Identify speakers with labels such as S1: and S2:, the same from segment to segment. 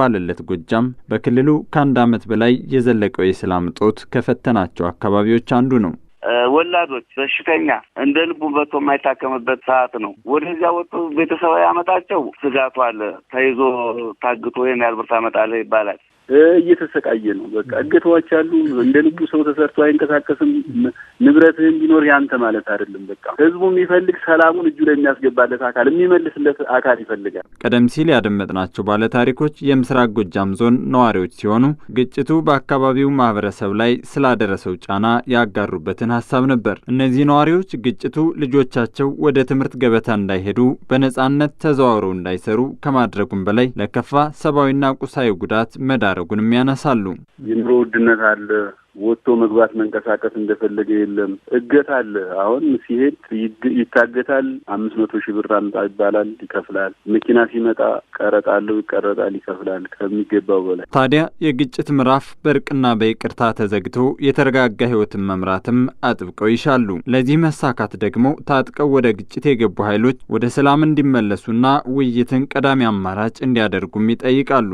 S1: ባለለት ጎጃም በክልሉ ከአንድ ዓመት በላይ የዘለቀው የሰላም እጦት ከፈተናቸው አካባቢዎች አንዱ ነው።
S2: ወላዶች በሽተኛ እንደ ልቡ በቶ የማይታከምበት ሰዓት ነው። ወደዚያ ወጡ ቤተሰባዊ ያመጣቸው ስጋቱ አለ። ተይዞ ታግቶ ወይም ያልብርት አመጣለ ይባላል። እየተሰቃየ ነው። በቃ እገተዋች አሉ። እንደ ልቡ ሰው ተሰርቶ አይንቀሳቀስም። ንብረትህም ቢኖር ያንተ ማለት አይደለም። በቃ ህዝቡ የሚፈልግ ሰላሙን እጁ ላይ የሚያስገባለት አካል፣ የሚመልስለት አካል ይፈልጋል።
S1: ቀደም ሲል ያደመጥናቸው ባለታሪኮች የምስራቅ ጎጃም ዞን ነዋሪዎች ሲሆኑ ግጭቱ በአካባቢው ማህበረሰብ ላይ ስላደረሰው ጫና ያጋሩበትን ሀሳብ ነበር። እነዚህ ነዋሪዎች ግጭቱ ልጆቻቸው ወደ ትምህርት ገበታ እንዳይሄዱ በነጻነት ተዘዋውረው እንዳይሰሩ ከማድረጉም በላይ ለከፋ ሰብአዊና ቁሳዊ ጉዳት መዳረ ማድረጉንም ያነሳሉ።
S2: የኑሮ ውድነት አለ። ወጥቶ መግባት መንቀሳቀስ እንደፈለገ የለም። እገት አለ። አሁን ሲሄድ ይታገታል። አምስት መቶ ሺህ ብር አምጣ ይባላል፣ ይከፍላል። መኪና ሲመጣ ቀረጥ አለው፣ ይቀረጣል፣ ይከፍላል ከሚገባው በላይ።
S1: ታዲያ የግጭት ምዕራፍ በእርቅና በይቅርታ ተዘግቶ የተረጋጋ ህይወትን መምራትም አጥብቀው ይሻሉ። ለዚህ መሳካት ደግሞ ታጥቀው ወደ ግጭት የገቡ ኃይሎች ወደ ሰላም እንዲመለሱና ውይይትን ቀዳሚ አማራጭ እንዲያደርጉም ይጠይቃሉ።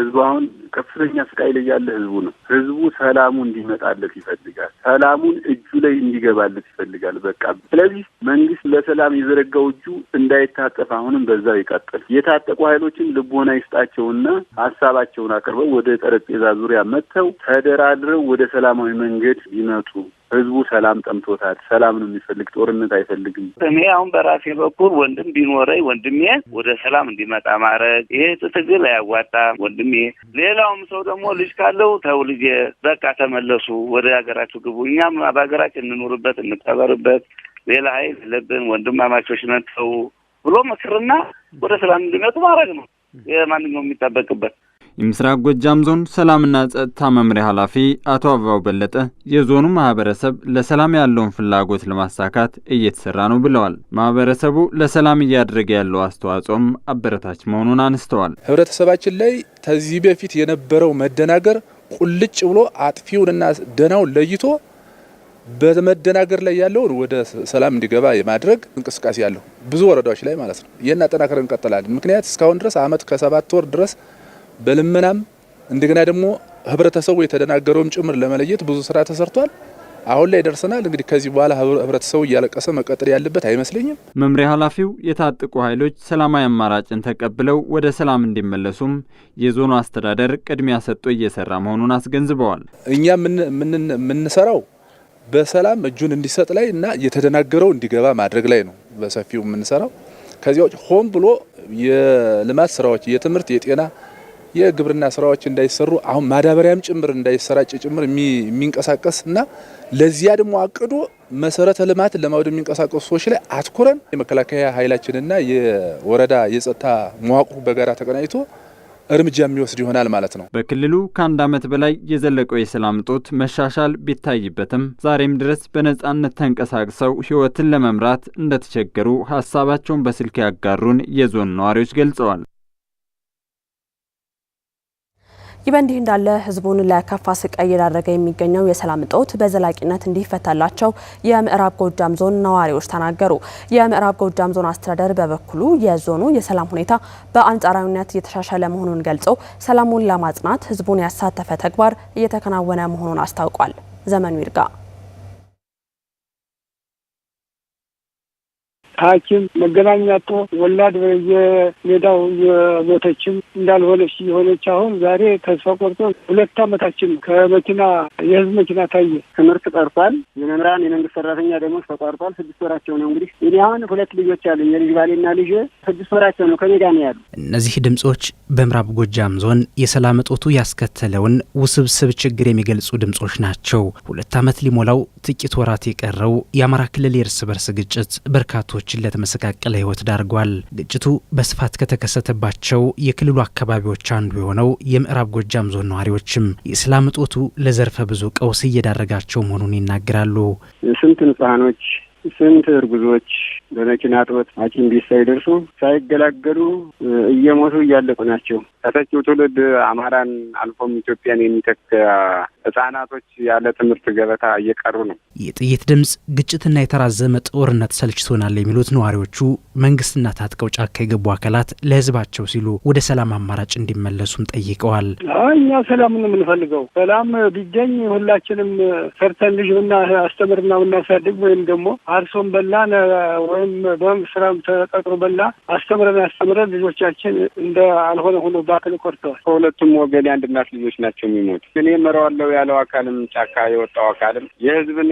S2: ህዝቡ አሁን ከፍተኛ ስቃይ ላይ ያለ ህዝቡ ነው። ህዝቡ ሰላሙ እንዲመጣለት ይፈልጋል። ሰላሙን እጁ ላይ እንዲገባለት ይፈልጋል። በቃ ስለዚህ መንግስት ለሰላም የዘረጋው እጁ እንዳይታጠፍ አሁንም በዛው ይቀጥል። የታጠቁ ኃይሎችን ልቦና ይስጣቸውና ሀሳባቸውን አቅርበው ወደ ጠረጴዛ ዙሪያ መጥተው ተደራድረው ወደ ሰላማዊ መንገድ ይመጡ። ህዝቡ ሰላም ጠምቶታል። ሰላም ነው የሚፈልግ፣ ጦርነት አይፈልግም። እኔ አሁን በራሴ በኩል ወንድም ቢኖረኝ ወንድሜ ወደ ሰላም እንዲመጣ ማድረግ፣ ይሄ ትግል አያዋጣም ወንድሜ። ሌላውም ሰው ደግሞ ልጅ ካለው ተው ልጄ፣ በቃ ተመለሱ፣ ወደ ሀገራችሁ ግቡ፣ እኛም በሀገራችን እንኖርበት እንቀበርበት፣ ሌላ ሀይል የለብን፣ ወንድማማቾች ነን፣ ተው ብሎ ምክርና ወደ ሰላም እንዲመጡ ማድረግ ነው። ይህ የሚጠበቅበት
S1: የምስራቅ ጎጃም ዞን ሰላምና ጸጥታ መምሪያ ኃላፊ አቶ አበባው በለጠ የዞኑ ማህበረሰብ ለሰላም ያለውን ፍላጎት ለማሳካት እየተሰራ ነው ብለዋል። ማህበረሰቡ ለሰላም እያደረገ ያለው አስተዋጽኦም አበረታች መሆኑን አንስተዋል።
S2: ህብረተሰባችን ላይ ከዚህ በፊት የነበረው መደናገር ቁልጭ ብሎ አጥፊውንና ደናውን ለይቶ በመደናገር ላይ ያለውን ወደ ሰላም እንዲገባ የማድረግ እንቅስቃሴ ያለው ብዙ ወረዳዎች ላይ ማለት ነው። ይህን አጠናክረን እንቀጥላለን። ምክንያት እስካሁን ድረስ አመት ከሰባት ወር ድረስ በልመናም እንደገና ደግሞ ህብረተሰቡ የተደናገረውም ጭምር ለመለየት ብዙ ስራ ተሰርቷል። አሁን ላይ ደርሰናል። እንግዲህ ከዚህ በኋላ ህብረተሰቡ እያለቀሰ መቀጠል ያለበት አይመስለኝም።
S1: መምሪያ ኃላፊው የታጠቁ ኃይሎች ሰላማዊ አማራጭን ተቀብለው ወደ ሰላም እንዲመለሱም የዞኑ አስተዳደር ቅድሚያ ሰጥቶ እየሰራ መሆኑን አስገንዝበዋል።
S2: እኛ የምንሰራው በሰላም እጁን እንዲሰጥ ላይ እና የተደናገረው እንዲገባ ማድረግ ላይ ነው በሰፊው የምንሰራው። ከዚያ ውጭ ሆን ብሎ የልማት ስራዎች የትምህርት፣ የጤና የግብርና ስራዎች እንዳይሰሩ አሁን ማዳበሪያም ጭምር እንዳይሰራጭ ጭምር የሚንቀሳቀስ እና ለዚያ ደግሞ አቅዶ መሰረተ ልማት ለማውደም የሚንቀሳቀሱ ሰዎች ላይ አትኩረን የመከላከያ ኃይላችንና የወረዳ የጸጥታ መዋቅሩ በጋራ ተቀናጅቶ እርምጃ የሚወስድ ይሆናል ማለት ነው።
S1: በክልሉ ከአንድ ዓመት በላይ የዘለቀው የሰላም እጦት መሻሻል ቢታይበትም ዛሬም ድረስ በነጻነት ተንቀሳቅሰው ሕይወትን ለመምራት እንደተቸገሩ ሀሳባቸውን በስልክ ያጋሩን የዞን ነዋሪዎች ገልጸዋል።
S3: ይህ በእንዲህ እንዳለ ህዝቡን ለከፋ ስቃይ እየዳረገ የሚገኘው የሰላም እጦት በዘላቂነት እንዲፈታላቸው የምዕራብ ጎጃም ዞን ነዋሪዎች ተናገሩ። የምዕራብ ጎጃም ዞን አስተዳደር በበኩሉ የዞኑ የሰላም ሁኔታ በአንጻራዊነት እየተሻሻለ መሆኑን ገልጾ ሰላሙን ለማጽናት ህዝቡን ያሳተፈ ተግባር እየተከናወነ መሆኑን አስታውቋል። ዘመኑ ይርጋ
S2: ሐኪም መገናኛ ጦ ወላድ በየሜዳው የሞተችም እንዳልሆነች የሆነች አሁን ዛሬ ተስፋ ቆርጦ ሁለት ዓመታችን ከመኪና የህዝብ መኪና ታየ። ትምህርት ቀርቷል። የመምህራን የመንግስት ሰራተኛ ደግሞ ተቋርጧል። ስድስት ወራቸው ነው። እንግዲህ እኔ አሁን ሁለት ልጆች አሉ የልጅ ባሌና ልጅ ስድስት ወራቸው ነው። ከሜዳ ነው ያሉ።
S1: እነዚህ ድምጾች በምዕራብ ጎጃም ዞን የሰላም እጦቱ ያስከተለውን ውስብስብ ችግር የሚገልጹ ድምጾች ናቸው። ሁለት ዓመት ሊሞላው ጥቂት ወራት የቀረው የአማራ ክልል የእርስ በርስ ግጭት በርካቶች ሰዎችን ለተመሰቃቀለ ህይወት ዳርጓል። ግጭቱ በስፋት ከተከሰተባቸው የክልሉ አካባቢዎች አንዱ የሆነው የምዕራብ ጎጃም ዞን ነዋሪዎችም የሰላም እጦቱ ለዘርፈ ብዙ ቀውስ እየዳረጋቸው መሆኑን ይናገራሉ።
S2: ስንት ንጹሐኖች ስንት እርጉዞች በመኪና አጥበት ሐኪም ቤት ሳይደርሱ ሳይገላገሉ እየሞቱ እያለቁ ናቸው። ተተኪው ትውልድ አማራን አልፎም ኢትዮጵያን የሚተካ ህጻናቶች ያለ ትምህርት ገበታ እየቀሩ ነው።
S1: የጥይት ድምፅ፣ ግጭትና የተራዘመ ጦርነት ሰልችቶናል የሚሉት ነዋሪዎቹ መንግስትና ታጥቀው ጫካ የገቡ አካላት ለህዝባቸው ሲሉ ወደ ሰላም አማራጭ እንዲመለሱም ጠይቀዋል።
S2: እኛ ሰላም ነው የምንፈልገው። ሰላም ቢገኝ ሁላችንም ሰርተን ልጅ ብና አስተምርና ብናሳድግ ወይም ደግሞ አርሶን በላን ወይም በመንግስት ስራም ተቀጥሮ በላ አስተምረን አስተምረን ልጆቻችን እንደ አልሆነ ሆኖ ባክል ቆርተዋል። ከሁለቱም ወገን የአንድ እናት ልጆች ናቸው የሚሞቱ። እኔ እመራዋለሁ ያለው አካልም ጫካ የወጣው አካልም የህዝብን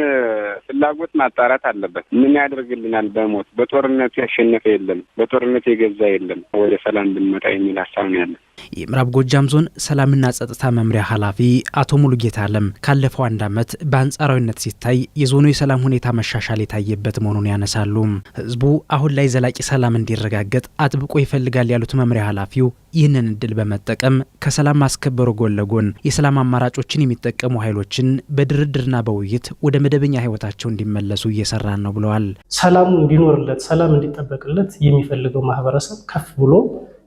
S2: ፍላጎት ማጣራት አለበት። ምን ያደርግልናል በሞት በጦርነቱ ያሸነፈ የለም፣ በጦርነት የገዛ የለም። ወደ ሰላም ብንመጣ የሚል ሀሳብ ነው ያለን።
S1: የምዕራብ ጎጃም ዞን ሰላምና ጸጥታ መምሪያ ኃላፊ አቶ ሙሉጌታ አለም ካለፈው አንድ ዓመት በአንጻራዊነት ሲታይ የዞኑ የሰላም ሁኔታ መሻሻል የታየበት መሆኑን ያነሳሉ። ህዝቡ አሁን ላይ ዘላቂ ሰላም እንዲረጋገጥ አጥብቆ ይፈልጋል ያሉት መምሪያ ኃላፊው ይህንን እድል በመጠቀም ከሰላም ማስከበሩ ጎን ለጎን የሰላም አማራጮችን የሚጠቀሙ ኃይሎችን በድርድርና በውይይት ወደ መደበኛ ህይወታቸው እንዲመለሱ እየሰራን ነው ብለዋል።
S2: ሰላሙ እንዲኖርለት፣ ሰላም እንዲጠበቅለት የሚፈልገው ማህበረሰብ ከፍ ብሎ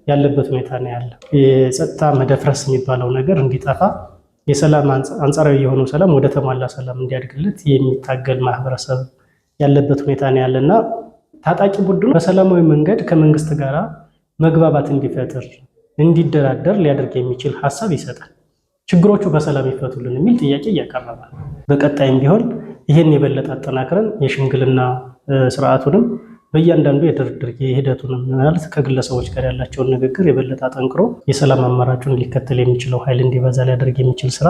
S2: ያለበት ሁኔታ ነው ያለ። የጸጥታ መደፍረስ የሚባለው ነገር እንዲጠፋ የሰላም አንጻራዊ የሆነው ሰላም ወደ ተሟላ ሰላም እንዲያድግለት የሚታገል ማህበረሰብ ያለበት ሁኔታ ነው ያለና ታጣቂ ቡድኑ በሰላማዊ መንገድ ከመንግስት ጋር መግባባት እንዲፈጥር እንዲደራደር ሊያደርግ የሚችል ሀሳብ ይሰጣል። ችግሮቹ በሰላም ይፈቱልን የሚል ጥያቄ እያቀረባል። በቀጣይም ቢሆን ይህን የበለጠ አጠናክረን የሽምግልና ስርዓቱንም በእያንዳንዱ የድርድር ሂደቱን ምናልስ ከግለሰቦች ጋር ያላቸውን ንግግር የበለጠ አጠንክሮ የሰላም አማራጩን ሊከተል የሚችለው ኃይል እንዲበዛ ሊያደርግ የሚችል ስራ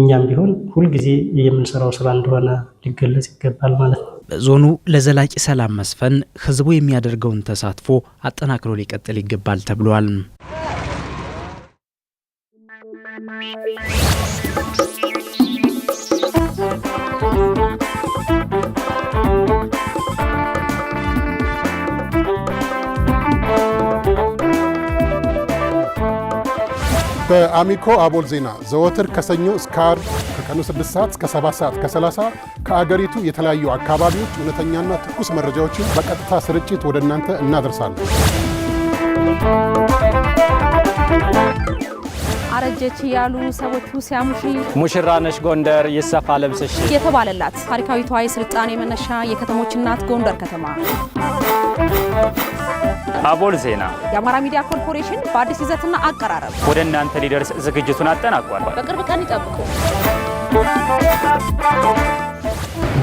S2: እኛም ቢሆን ሁልጊዜ የምንሰራው ስራ እንደሆነ ሊገለጽ ይገባል ማለት ነው።
S1: በዞኑ ለዘላቂ ሰላም መስፈን ህዝቡ የሚያደርገውን ተሳትፎ አጠናክሮ ሊቀጥል ይገባል ተብሏል።
S2: በአሚኮ አቦል ዜና ዘወትር ከሰኞ እስከ ዓርብ ከቀኑ 6 ሰዓት እስከ 7 ሰዓት ከ30 ከአገሪቱ የተለያዩ አካባቢዎች እውነተኛና ትኩስ መረጃዎችን በቀጥታ ስርጭት ወደ እናንተ እናደርሳለን።
S3: አረጀች እያሉ ሰዎች ሲያሙሽ
S4: ሙሽራነሽ ጎንደር ይሰፋ ለብሰሽ
S3: የተባለላት ታሪካዊቷ የስልጣኔ መነሻ የከተሞች እናት ጎንደር ከተማ አቦል ዜና የአማራ ሚዲያ ኮርፖሬሽን በአዲስ ይዘትና አቀራረብ
S4: ወደ እናንተ ሊደርስ ዝግጅቱን አጠናቋል።
S3: በቅርብ ቀን ይጠብቁ።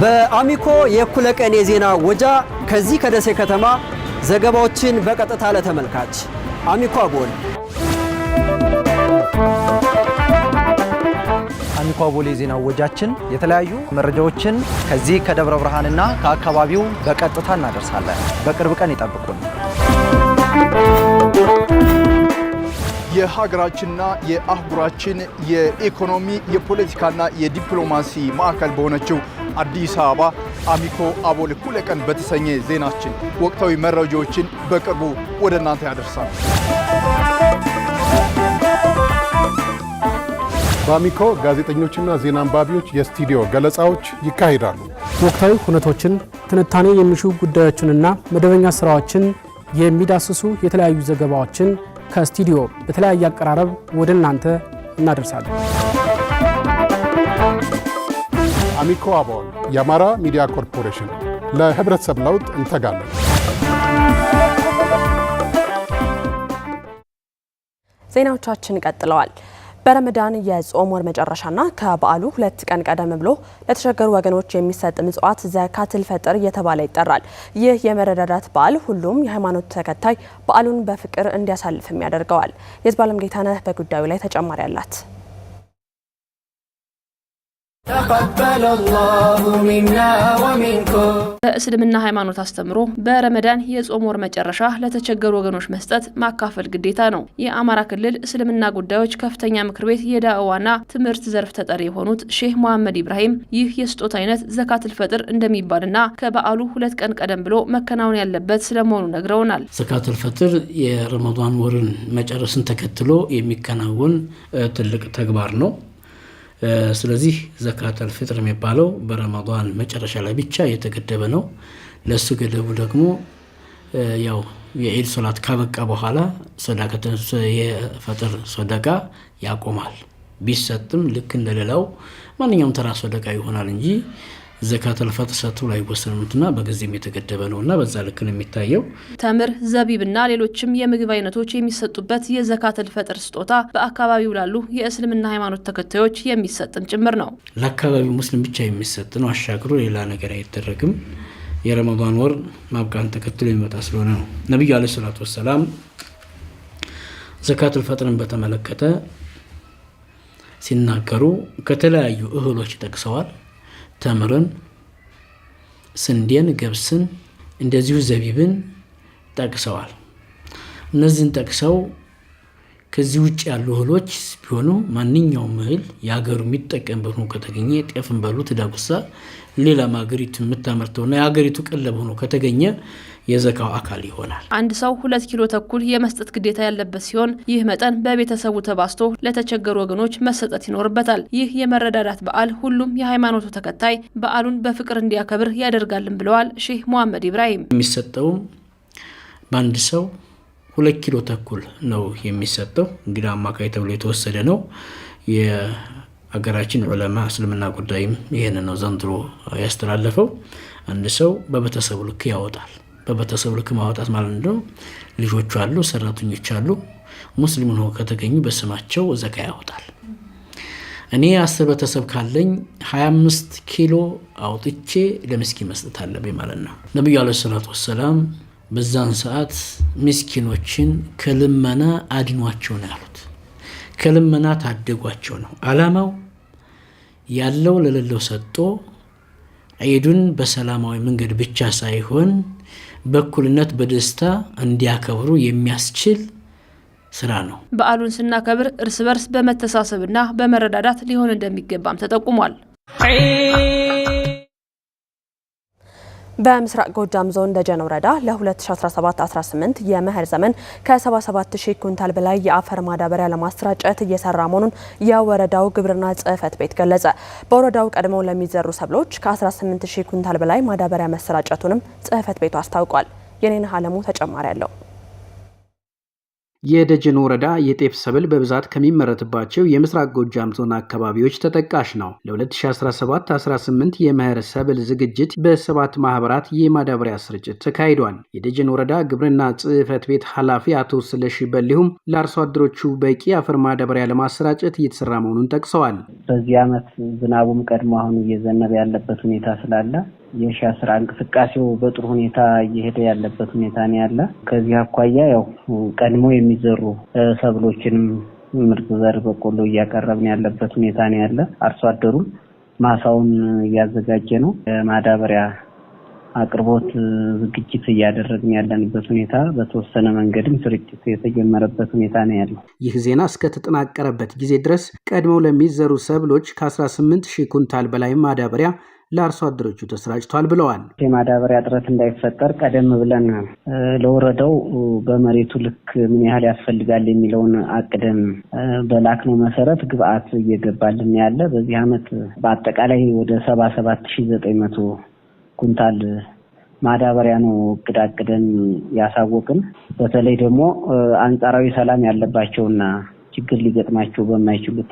S4: በአሚኮ የእኩለ ቀን የዜና ወጃ ከዚህ ከደሴ ከተማ ዘገባዎችን በቀጥታ ለተመልካች አሚኮ አቦል የአንኳ ቦሌ ዜና ወጃችን የተለያዩ መረጃዎችን ከዚህ ከደብረ ብርሃንና ከአካባቢው በቀጥታ እናደርሳለን። በቅርብ ቀን ይጠብቁን።
S2: የሀገራችንና የአህጉራችን የኢኮኖሚ የፖለቲካና የዲፕሎማሲ ማዕከል በሆነችው አዲስ አበባ አሚኮ አቦል እኩለ ቀን በተሰኘ ዜናችን ወቅታዊ መረጃዎችን በቅርቡ ወደ እናንተ ያደርሳል። በአሚኮ ጋዜጠኞችና ዜና አንባቢዎች የስቱዲዮ ገለጻዎች ይካሄዳሉ።
S4: ወቅታዊ ሁነቶችን፣ ትንታኔ የሚሹ ጉዳዮችንና መደበኛ ስራዎችን የሚዳስሱ የተለያዩ ዘገባዎችን ከስቱዲዮ በተለያየ አቀራረብ ወደ እናንተ እናደርሳለን።
S2: አሚኮ አባል የአማራ ሚዲያ ኮርፖሬሽን ለህብረተሰብ ለውጥ እንተጋለን።
S3: ዜናዎቻችን ቀጥለዋል። በረመዳን የጾም ወር መጨረሻና ከበዓሉ ሁለት ቀን ቀደም ብሎ ለተቸገሩ ወገኖች የሚሰጥ ምጽዋት ዘካትል ፈጥር እየተባለ ይጠራል። ይህ የመረዳዳት በዓል ሁሉም የሃይማኖት ተከታይ በዓሉን በፍቅር እንዲያሳልፍም ያደርገዋል። የህዝብ አለም ጌታነህ በጉዳዩ ላይ ተጨማሪ አላት። በእስልምና ሃይማኖት አስተምሮ በረመዳን የጾም ወር መጨረሻ ለተቸገሩ ወገኖች መስጠት ማካፈል ግዴታ ነው። የአማራ ክልል እስልምና ጉዳዮች ከፍተኛ ምክር ቤት የዳዕዋና ትምህርት ዘርፍ ተጠሪ የሆኑት ሼህ መሐመድ ኢብራሂም ይህ የስጦታ አይነት ዘካትል ፈጥር እንደሚባልና ከበዓሉ ሁለት ቀን ቀደም ብሎ መከናወን ያለበት ስለመሆኑ ነግረውናል።
S5: ዘካትል ፈጥር የረመዳን ወርን መጨረስን ተከትሎ የሚከናወን ትልቅ ተግባር ነው። ስለዚህ ዘካተል ፍጥር የሚባለው በረመዷን መጨረሻ ላይ ብቻ የተገደበ ነው። ለእሱ ገደቡ ደግሞ ያው የኢድ ሶላት ካበቃ በኋላ የፈጥር ሶደቃ ያቆማል። ቢሰጥም ልክ እንደሌላው ማንኛውም ተራ ሶደቃ ይሆናል እንጂ ዘካተል ፈጥር ሰጥተው ላይ ወሰኑትና በጊዜም የተገደበ ነውና በዛ ልክ ነው የሚታየው።
S3: ተምር፣ እና ሌሎችም የምግብ አይነቶች የሚሰጡበት የዘካተል ፈጥር ስጦታ በአካባቢው ላሉ የእስልምና ሃይማኖት ተከታዮች የሚሰጥም ጭምር ነው።
S5: ለአካባቢው ሙስሊም ብቻ የሚሰጥ ነው። አሻግሮ ሌላ ነገር አይደረግም። የረመዳን ወር ማብቃን ተከትሎ የሚመጣ ስለሆነ ነው። ነቢዩ አለ ሰላቱ ወሰላም ዘካቱል ፈጥርን በተመለከተ ሲናገሩ ከተለያዩ እህሎች ይጠቅሰዋል። ተምርን፣ ስንዴን፣ ገብስን እንደዚሁ ዘቢብን ጠቅሰዋል። እነዚህን ጠቅሰው ከዚህ ውጭ ያሉ እህሎች ቢሆኑ ማንኛውም እህል የሀገሩ የሚጠቀምበት ሆኖ ከተገኘ ጤፍን በሉት ዳጉሳ፣ ሌላም ሀገሪቱ የምታመርተውና የሀገሪቱ ቀለብ ሆኖ ከተገኘ የዘካው አካል ይሆናል።
S3: አንድ ሰው ሁለት ኪሎ ተኩል የመስጠት ግዴታ ያለበት ሲሆን ይህ መጠን በቤተሰቡ ተባስቶ ለተቸገሩ ወገኖች መሰጠት ይኖርበታል። ይህ የመረዳዳት በዓል ሁሉም የሃይማኖቱ ተከታይ በዓሉን በፍቅር እንዲያከብር ያደርጋልን ብለዋል ሼህ መሐመድ ኢብራሂም።
S5: የሚሰጠውም በአንድ ሰው ሁለት ኪሎ ተኩል ነው የሚሰጠው። እንግዲህ አማካይ ተብሎ የተወሰደ ነው። የሀገራችን ዑለማ እስልምና ጉዳይም ይህን ነው ዘንድሮ ያስተላለፈው። አንድ ሰው በቤተሰቡ ልክ ያወጣል። በቤተሰብ ልክ ማውጣት ማለት ነው። ልጆቹ አሉ፣ ሰራተኞች አሉ። ሙስሊም ሆነው ከተገኙ በስማቸው ዘካ ያወጣል። እኔ አስር ቤተሰብ ካለኝ 25 ኪሎ አውጥቼ ለምስኪን መስጠት አለብኝ ማለት ነው። ነቢዩ አለ ሰላት ወሰላም በዛን ሰዓት ምስኪኖችን ከልመና አድኗቸው ነው ያሉት። ከልመና ታደጓቸው ነው አላማው። ያለው ለሌለው ሰጥቶ ዒዱን በሰላማዊ መንገድ ብቻ ሳይሆን በእኩልነት በደስታ እንዲያከብሩ የሚያስችል ስራ ነው።
S3: በዓሉን ስናከብር እርስ በርስ በመተሳሰብና በመረዳዳት ሊሆን እንደሚገባም ተጠቁሟል። በምስራቅ ጎጃም ዞን ደጀን ወረዳ ለ2017-18 የመኸር ዘመን ከ77000 ኩንታል በላይ የአፈር ማዳበሪያ ለማሰራጨት እየሰራ መሆኑን የወረዳው ግብርና ጽሕፈት ቤት ገለጸ። በወረዳው ቀድመው ለሚዘሩ ሰብሎች ከ18000 ኩንታል በላይ ማዳበሪያ መሰራጨቱንም ጽሕፈት ቤቱ አስታውቋል። የኔነህ አለሙ ተጨማሪ አለው።
S1: የደጀን ወረዳ የጤፍ ሰብል በብዛት ከሚመረትባቸው የምስራቅ ጎጃም ዞን አካባቢዎች ተጠቃሽ ነው። ለ2017-18 የመኸር ሰብል ዝግጅት በሰባት ማህበራት የማዳበሪያ ስርጭት ተካሂዷል። የደጀን ወረዳ ግብርና ጽሕፈት ቤት ኃላፊ አቶ ስለሺ በሊሁም ለአርሶ አደሮቹ በቂ አፈር ማዳበሪያ ለማሰራጨት እየተሰራ መሆኑን ጠቅሰዋል።
S6: በዚህ ዓመት ዝናቡም ቀድሞ አሁን እየዘነበ ያለበት ሁኔታ ስላለ የእርሻ ስራ እንቅስቃሴው በጥሩ ሁኔታ እየሄደ ያለበት ሁኔታ ነው ያለ። ከዚህ አኳያ ያው ቀድሞ የሚዘሩ ሰብሎችንም ምርጥ ዘር በቆሎ እያቀረብን ያለበት ሁኔታ ነው ያለ። አርሶ አደሩም ማሳውን እያዘጋጀ ነው። የማዳበሪያ አቅርቦት ዝግጅት እያደረግን ያለንበት ሁኔታ በተወሰነ መንገድም ስርጭት የተጀመረበት ሁኔታ ነው ያለው።
S1: ይህ ዜና እስከተጠናቀረበት ጊዜ ድረስ ቀድሞ ለሚዘሩ ሰብሎች ከ18 ሺህ ኩንታል በላይ ማዳበሪያ ለአርሶ አደሮቹ ተሰራጭቷል ብለዋል።
S6: የማዳበሪያ እጥረት እንዳይፈጠር ቀደም ብለን ለወረደው በመሬቱ ልክ ምን ያህል ያስፈልጋል የሚለውን አቅደን በላክነው መሰረት ግብአት እየገባልን ያለ በዚህ ዓመት በአጠቃላይ ወደ ሰባ ሰባት ሺ ዘጠኝ መቶ ኩንታል ማዳበሪያ ነው እቅድ አቅደን ያሳወቅን። በተለይ ደግሞ አንጻራዊ ሰላም ያለባቸውና ችግር ሊገጥማቸው በማይችሉት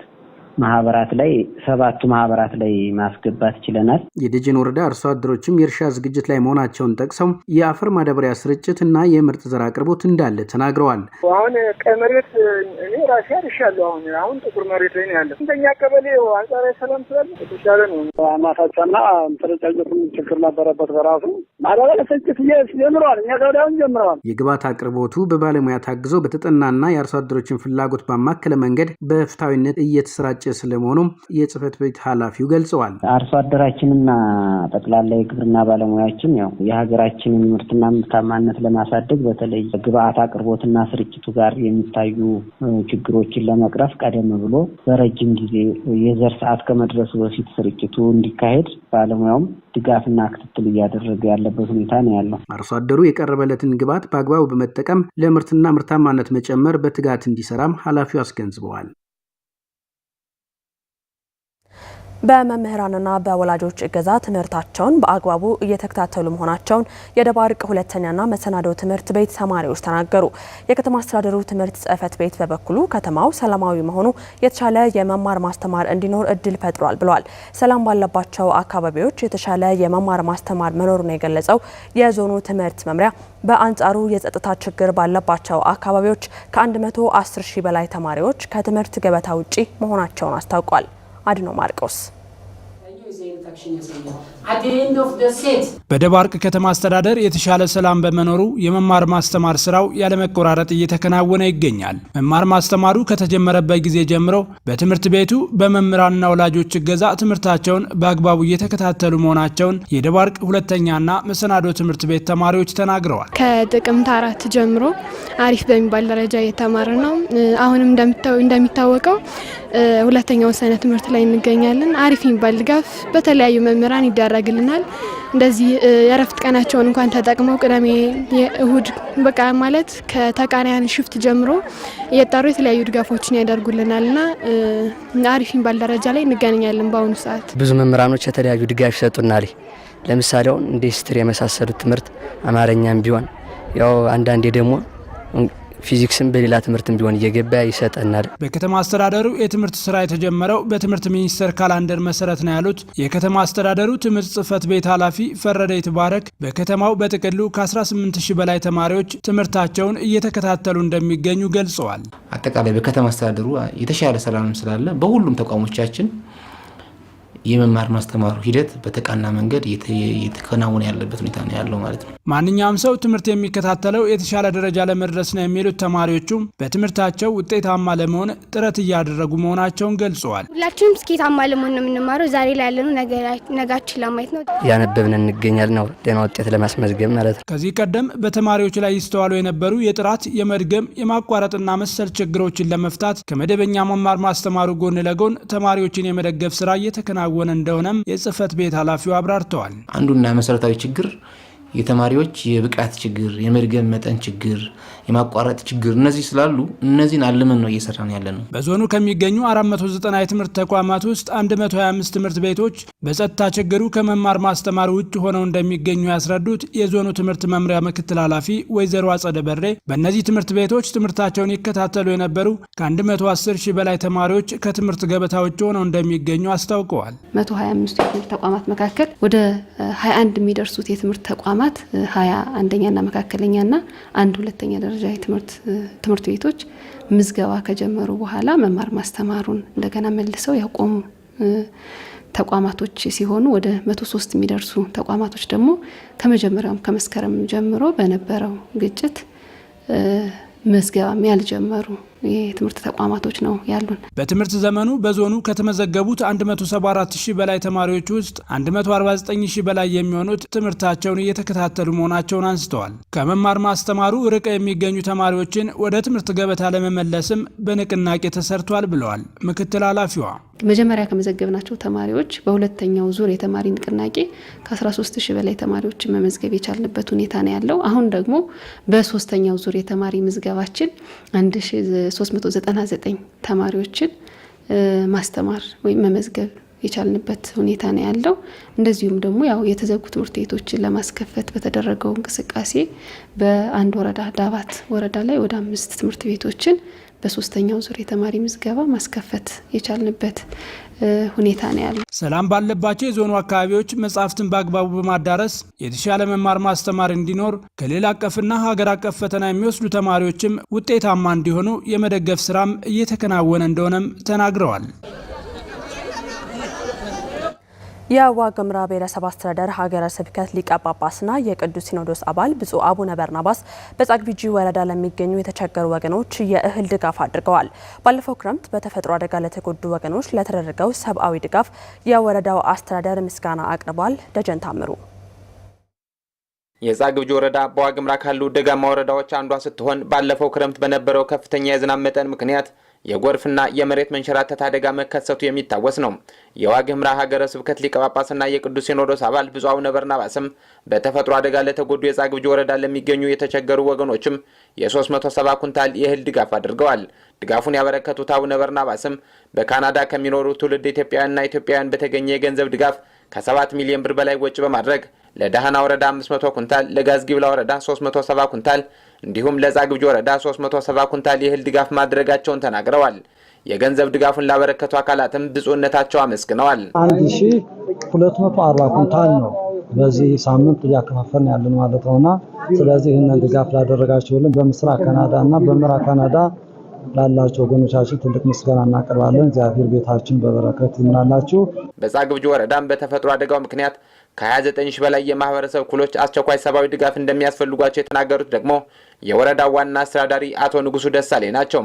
S6: ማህበራት ላይ ሰባቱ ማህበራት ላይ ማስገባት ችለናል።
S1: የደጀን ወረዳ አርሶ አደሮችም የእርሻ ዝግጅት ላይ መሆናቸውን ጠቅሰው የአፈር ማዳበሪያ ስርጭት እና የምርጥ ዘር አቅርቦት እንዳለ ተናግረዋል።
S2: አሁን ቀይ መሬት እኔ ራሴ አርሻለሁ። አሁን አሁን ጥቁር መሬት ላይ ነው ያለ እንደኛ ቀበሌ አንጻራዊ ሰላም ስላለ የተሻለ ነው። አማታቻና ተረጫጀትም ችግር ነበረበት በራሱ ማዳበሪያ ስርጭት ጀምረዋል። እኛ ገዳሁን ጀምረዋል።
S1: የግባት አቅርቦቱ በባለሙያ ታግዞ በተጠናና የአርሶ አደሮችን ፍላጎት ባማከለ መንገድ በፍታዊነት እየተሰራጨ ስለመሆኑም የጽህፈት ቤት ኃላፊው ገልጸዋል።
S6: አርሶ አደራችንና ጠቅላላ የግብርና ባለሙያችን ያው የሀገራችንን ምርትና ምርታማነት ለማሳደግ በተለይ ግብአት አቅርቦትና ስርጭቱ ጋር የሚታዩ ችግሮችን ለመቅረፍ ቀደም ብሎ በረጅም ጊዜ የዘር ሰዓት ከመድረሱ በፊት ስርጭቱ እንዲካሄድ ባለሙያውም ድጋፍና ክትትል እያደረገ ያለበት ሁኔታ ነው ያለው።
S1: አርሶ አደሩ የቀረበለትን ግብዓት በአግባቡ በመጠቀም ለምርትና ምርታማነት መጨመር በትጋት እንዲሰራም ኃላፊው አስገንዝበዋል።
S3: በመምህራንና በወላጆች እገዛ ትምህርታቸውን በአግባቡ እየተከታተሉ መሆናቸውን የደባርቅ ሁለተኛና መሰናዶ ትምህርት ቤት ተማሪዎች ተናገሩ። የከተማ አስተዳደሩ ትምህርት ጽሕፈት ቤት በበኩሉ ከተማው ሰላማዊ መሆኑ የተሻለ የመማር ማስተማር እንዲኖር እድል ፈጥሯል ብሏል። ሰላም ባለባቸው አካባቢዎች የተሻለ የመማር ማስተማር መኖሩን የገለጸው የዞኑ ትምህርት መምሪያ በአንጻሩ የጸጥታ ችግር ባለባቸው አካባቢዎች ከ110 ሺህ በላይ ተማሪዎች ከትምህርት ገበታ ውጪ መሆናቸውን አስታውቋል። አድኖ ማርቆስ
S1: በደባርቅ ከተማ አስተዳደር የተሻለ ሰላም በመኖሩ የመማር ማስተማር ስራው ያለመቆራረጥ እየተከናወነ ይገኛል። መማር ማስተማሩ ከተጀመረበት ጊዜ ጀምሮ በትምህርት ቤቱ በመምህራንና ወላጆች እገዛ ትምህርታቸውን በአግባቡ እየተከታተሉ መሆናቸውን የደባርቅ ሁለተኛና መሰናዶ ትምህርት ቤት ተማሪዎች ተናግረዋል።
S7: ከጥቅምት አራት ጀምሮ አሪፍ በሚባል ደረጃ እየተማረ ነው። አሁንም እንደሚታወቀው ሁለተኛው ሰነ ትምህርት ላይ እንገኛለን። አሪፍ የሚባል ድጋፍ በተለያዩ በተለያዩ መምህራን ይዳረግልናል። እንደዚህ የረፍት ቀናቸውን እንኳን ተጠቅመው ቅዳሜ፣ እሁድ በቃ ማለት ከተቃናያን ሽፍት ጀምሮ እየጠሩ የተለያዩ ድጋፎችን ያደርጉልናልና አሪፍ የሚባል ደረጃ ላይ እንገናኛለን። በአሁኑ ሰዓት
S8: ብዙ መምህራኖች የተለያዩ ድጋፍ ይሰጡናል። ለምሳሌ አሁን እንደ ስትር የመሳሰሉት ትምህርት አማርኛም ቢሆን ያው አንዳንዴ ደግሞ ፊዚክስም በሌላ ትምህርትም ቢሆን እየገባ ይሰጠናል።
S1: በከተማ አስተዳደሩ የትምህርት ስራ የተጀመረው በትምህርት ሚኒስቴር ካላንደር መሰረት ነው ያሉት የከተማ አስተዳደሩ ትምህርት ጽህፈት ቤት ኃላፊ ፈረደ ይትባረክ በከተማው በጥቅሉ ከ18 ሺህ በላይ ተማሪዎች ትምህርታቸውን እየተከታተሉ እንደሚገኙ ገልጸዋል።
S8: አጠቃላይ በከተማ አስተዳደሩ የተሻለ ሰላምም ስላለ በሁሉም ተቋሞቻችን የመማር ማስተማሩ ሂደት በተቃና መንገድ የተከናወነ ያለበት ሁኔታ ነው ያለው ማለት ነው።
S1: ማንኛውም ሰው ትምህርት የሚከታተለው የተሻለ ደረጃ ለመድረስ ነው የሚሉት ተማሪዎቹም በትምህርታቸው ውጤታማ ለመሆን ጥረት እያደረጉ መሆናቸውን ገልጸዋል።
S7: ሁላችንም ስኬታማ ለመሆን ነው የምንማረው። ዛሬ ላይ ያለነው ነጋችን ለማየት ነው
S8: ያነበብን እንገኛል ነው ጤና ውጤት ለማስመዝገብ ማለት ነው።
S1: ከዚህ ቀደም በተማሪዎች ላይ ይስተዋሉ የነበሩ የጥራት የመድገም የማቋረጥና መሰል ችግሮችን ለመፍታት ከመደበኛ መማር ማስተማሩ ጎን ለጎን ተማሪዎችን የመደገፍ ስራ እየተከናወ እየተከናወነ እንደሆነም የጽህፈት ቤት ኃላፊው አብራርተዋል።
S8: አንዱና መሰረታዊ ችግር የተማሪዎች የብቃት ችግር፣ የመድገም መጠን ችግር የማቋረጥ ችግር እነዚህ ስላሉ እነዚህን አልመን ነው እየሰራን ያለ ነው።
S1: በዞኑ ከሚገኙ 490 የትምህርት ተቋማት ውስጥ 125 ትምህርት ቤቶች በጸጥታ ችግሩ ከመማር ማስተማር ውጭ ሆነው እንደሚገኙ ያስረዱት የዞኑ ትምህርት መምሪያ ምክትል ኃላፊ ወይዘሮ አጸደ በሬ በእነዚህ ትምህርት ቤቶች ትምህርታቸውን ይከታተሉ የነበሩ ከ110 ሺህ በላይ ተማሪዎች ከትምህርት ገበታ ውጭ ሆነው እንደሚገኙ አስታውቀዋል።
S9: 125 የትምህርት ተቋማት መካከል ወደ 21 የሚደርሱት የትምህርት ተቋማት 21 አንደኛና መካከለኛና አንድ ሁለተኛ ደረጃ ደረጃ ትምህርት ቤቶች ምዝገባ ከጀመሩ በኋላ መማር ማስተማሩን እንደገና መልሰው ያቆሙ ተቋማቶች ሲሆኑ ወደ መቶ ሶስት የሚደርሱ ተቋማቶች ደግሞ ከመጀመሪያውም ከመስከረም ጀምሮ በነበረው ግጭት ምዝገባም ያልጀመሩ የትምህርት ተቋማቶች ነው ያሉን።
S1: በትምህርት ዘመኑ በዞኑ ከተመዘገቡት 174 ሺህ በላይ ተማሪዎች ውስጥ 149 ሺህ በላይ የሚሆኑት ትምህርታቸውን እየተከታተሉ መሆናቸውን አንስተዋል። ከመማር ማስተማሩ ርቀ የሚገኙ ተማሪዎችን ወደ ትምህርት ገበታ ለመመለስም በንቅናቄ ተሰርቷል ብለዋል ምክትል ኃላፊዋ።
S9: መጀመሪያ ከመዘገብናቸው ተማሪዎች በሁለተኛው ዙር የተማሪ ንቅናቄ ከ13 ሺህ በላይ ተማሪዎችን መመዝገብ የቻልንበት ሁኔታ ነው ያለው። አሁን ደግሞ በሶስተኛው ዙር የተማሪ ምዝገባችን 399 ተማሪዎችን ማስተማር ወይም መመዝገብ የቻልንበት ሁኔታ ነው ያለው። እንደዚሁም ደግሞ ያው የተዘጉ ትምህርት ቤቶችን ለማስከፈት በተደረገው እንቅስቃሴ በአንድ ወረዳ ዳባት ወረዳ ላይ ወደ አምስት ትምህርት ቤቶችን በሶስተኛው ዙር የተማሪ ምዝገባ ማስከፈት የቻልንበት ሁኔታ ነው ያለው።
S1: ሰላም ባለባቸው የዞኑ አካባቢዎች መጽሐፍትን በአግባቡ በማዳረስ የተሻለ መማር ማስተማር እንዲኖር ከሌላ አቀፍና ሀገር አቀፍ ፈተና የሚወስዱ ተማሪዎችም ውጤታማ እንዲሆኑ የመደገፍ ስራም እየተከናወነ እንደሆነም ተናግረዋል።
S3: የዋግ ኽምራ ብሔረሰብ አስተዳደር ሀገረ ስብከት ሊቀ ጳጳስና የቅዱስ ሲኖዶስ አባል ብፁዕ አቡነ በርናባስ በጻግቢጂ ወረዳ ለሚገኙ የተቸገሩ ወገኖች የእህል ድጋፍ አድርገዋል። ባለፈው ክረምት በተፈጥሮ አደጋ ለተጎዱ ወገኖች ለተደረገው ሰብአዊ ድጋፍ የወረዳው አስተዳደር ምስጋና አቅርቧል። ደጀን ታምሩ
S10: የጻግብጂ ወረዳ በዋግምራ ካሉ ደጋማ ወረዳዎች አንዷ ስትሆን ባለፈው ክረምት በነበረው ከፍተኛ የዝናብ መጠን ምክንያት የጎርፍና የመሬት መንሸራተት አደጋ መከሰቱ የሚታወስ ነው። የዋግ ኽምራ ሀገረ ስብከት ሊቀ ጳጳስና የቅዱስ ሲኖዶስ አባል ብፁዕ አቡነ በርናባስም በተፈጥሮ አደጋ ለተጎዱ የጻግብጅ ወረዳ ለሚገኙ የተቸገሩ ወገኖችም የ370 ኩንታል የእህል ድጋፍ አድርገዋል። ድጋፉን ያበረከቱት አቡነ በርናባስም በካናዳ ከሚኖሩ ትውልድ ኢትዮጵያውያንና ኢትዮጵያውያን በተገኘ የገንዘብ ድጋፍ ከ7 ሚሊዮን ብር በላይ ወጪ በማድረግ ለዳህና ወረዳ 500 ኩንታል፣ ለጋዝጊብላ ወረዳ 370 ኩንታል እንዲሁም ለጻግብጅ ወረዳ 370 ኩንታል የእህል ድጋፍ ማድረጋቸውን ተናግረዋል። የገንዘብ ድጋፉን ላበረከቱ አካላትም ብፁዕነታቸው አመስግነዋል።
S11: 1240 ኩንታል ነው በዚህ ሳምንት እያከፋፈልን ያለን ማለት ነውና ስለዚህ ይህንን ድጋፍ ላደረጋችሁልን በምስራቅ ካናዳ እና በምዕራብ ካናዳ ላላቸው ወገኖቻችን ትልቅ ምስጋና እናቀርባለን። እግዚአብሔር ቤታችን በበረከት ይምላላችሁ።
S10: በጻግብጅ ወረዳም በተፈጥሮ አደጋው ምክንያት ከ29 ሺህ በላይ የማህበረሰብ ክፍሎች አስቸኳይ ሰብአዊ ድጋፍ እንደሚያስፈልጓቸው የተናገሩት ደግሞ የወረዳው ዋና አስተዳዳሪ አቶ ንጉሱ ደሳሌ ናቸው።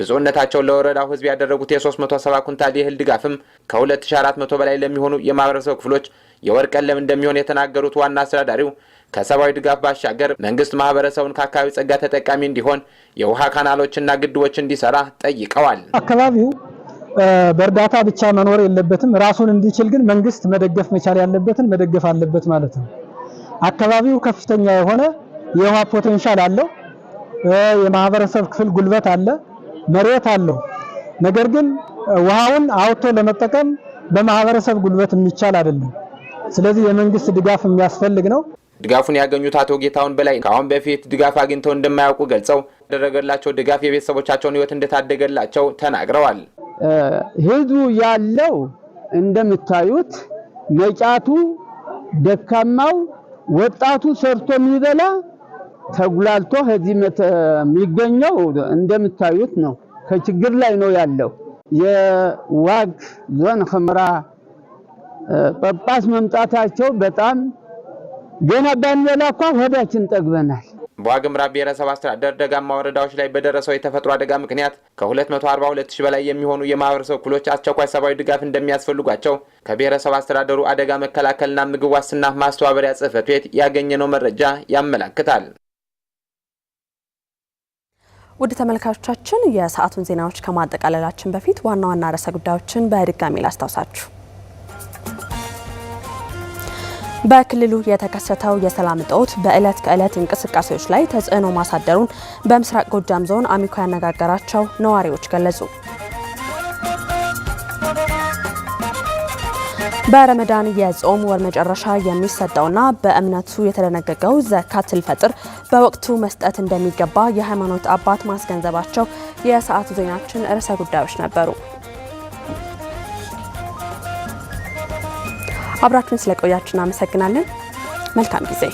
S10: ብፁዕነታቸው ለወረዳው ህዝብ ያደረጉት የ370 ኩንታል የእህል ድጋፍም ከ2400 በላይ ለሚሆኑ የማህበረሰብ ክፍሎች የወርቅ ቀለም እንደሚሆን የተናገሩት ዋና አስተዳዳሪው ከሰብአዊ ድጋፍ ባሻገር መንግስት ማህበረሰቡን ከአካባቢ ጸጋ ተጠቃሚ እንዲሆን የውሃ ካናሎችና ግድቦች እንዲሰራ ጠይቀዋል።
S11: አካባቢው በእርዳታ ብቻ መኖር የለበትም። ራሱን እንዲችል ግን መንግስት መደገፍ መቻል ያለበትን መደገፍ አለበት ማለት ነው። አካባቢው ከፍተኛ የሆነ የውሃ ፖቴንሻል አለው። የማህበረሰብ ክፍል ጉልበት አለ፣ መሬት አለው። ነገር ግን ውሃውን አውጥቶ ለመጠቀም በማህበረሰብ ጉልበት የሚቻል አይደለም። ስለዚህ የመንግስት ድጋፍ የሚያስፈልግ ነው።
S10: ድጋፉን ያገኙት አቶ ጌታሁን በላይ ከአሁን በፊት ድጋፍ አግኝተው እንደማያውቁ ገልጸው ያደረገላቸው ድጋፍ የቤተሰቦቻቸውን ህይወት እንደታደገላቸው ተናግረዋል።
S12: ህዝቡ ያለው እንደምታዩት መጫቱ፣ ደካማው፣ ወጣቱ ሰርቶ የሚበላ ተጉላልቶ ከዚህ የሚገኘው እንደምታዩት ነው። ከችግር ላይ ነው ያለው። የዋግ ዞን ኽምራ ጳጳስ መምጣታቸው በጣም ገና ባንበላ እኮ ሆዳችን ጠግበናል።
S10: በዋግምራ ብሔረሰብ አስተዳደር ደጋማ ወረዳዎች ላይ በደረሰው የተፈጥሮ አደጋ ምክንያት ከ242 ሺህ በላይ የሚሆኑ የማህበረሰብ ክፍሎች አስቸኳይ ሰብአዊ ድጋፍ እንደሚያስፈልጓቸው ከብሔረሰብ አስተዳደሩ አደጋ መከላከልና ምግብ ዋስትና ማስተባበሪያ ጽህፈት ቤት ያገኘነው መረጃ ያመላክታል።
S3: ውድ ተመልካቾቻችን የሰዓቱን ዜናዎች ከማጠቃለላችን በፊት ዋና ዋና ርዕሰ ጉዳዮችን በድጋሚ ላስታውሳችሁ። በክልሉ የተከሰተው የሰላም እጦት በዕለት ከዕለት እንቅስቃሴዎች ላይ ተጽዕኖ ማሳደሩን በምስራቅ ጎጃም ዞን አሚኮ ያነጋገራቸው ነዋሪዎች ገለጹ። በረመዳን የጾም ወር መጨረሻ የሚሰጠውና በእምነቱ የተደነገገው ዘካትል ፈጥር በወቅቱ መስጠት እንደሚገባ የሃይማኖት አባት ማስገንዘባቸው የሰዓቱ ዜናችን ርዕሰ ጉዳዮች ነበሩ። አብራችሁን ስለቆያችን አመሰግናለን። መልካም ጊዜ